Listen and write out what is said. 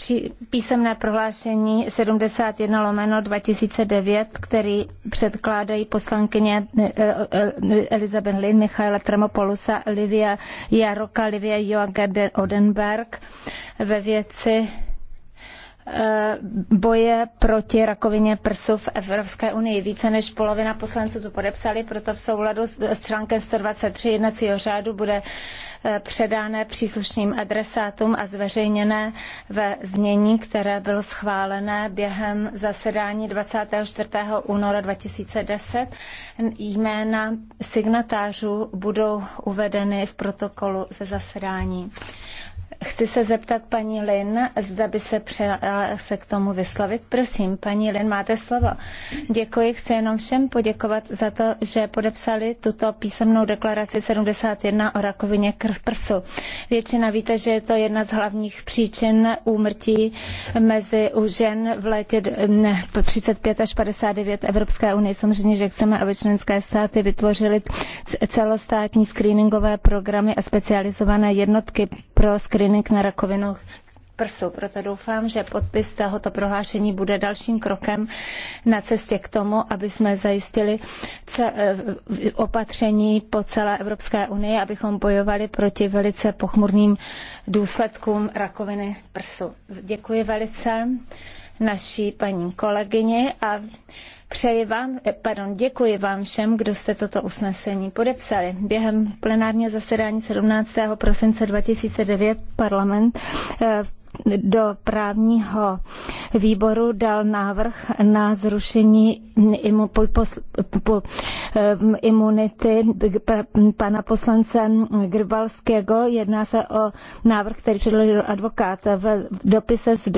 při písemné prohlášení 71 lomeno 2009, který předkládají poslankyně eh, eh, Elizabeth Lin, Michaela Tremopolusa, Livia Jaroka, Livia Joager Odenberg ve věci Eh, boje proti rakovině prsu v Evropské unii. Více než polovina poslanců to podepsali, proto v souladu s článkem 123 jednacího řádu bude eh, předána příslušným adresátům a zveřejněné ve znění, které bylo schválené během zasedání 24. února 2010. Jména signatářů budou uvedeny v protokolu ze zasedání. Chci se zeptat paní Lin, zda by se přijala se k tomu vyslovit. Prosím, paní Lin, máte slovo. Děkuji, chci jenom všem poděkovat za to, že podepsali tuto písemnou deklaraci 71 o rakovině prsu. Většina víte, že je to jedna z hlavních příčin úmrtí mezi u žen v létě 35 až 59 Evropské unie. Samozřejmě, že chceme, aby členské státy vytvořily celostátní screeningové programy a specializované jednotky pro screening na rakovinu prsu. Proto doufám, že podpis tohoto prohlášení bude dalším krokem na cestě k tomu, aby jsme zajistili eh, opatření po celé Evropské unii, abychom bojovali proti velice pochmurným důsledkům rakoviny prsu. Děkuji velice naší paní kolegyně a přeji vám, eh, pardon, děkuji vám všem, kdo jste toto usnesení podepsali. Během plenárního zasedání 17. prosince 2009 parlament eh, do právního výboru dal návrh na zrušení imu, po, po, imunity pana poslance Grbalského. Jedná se o návrh, který předložil advokát. V dopise z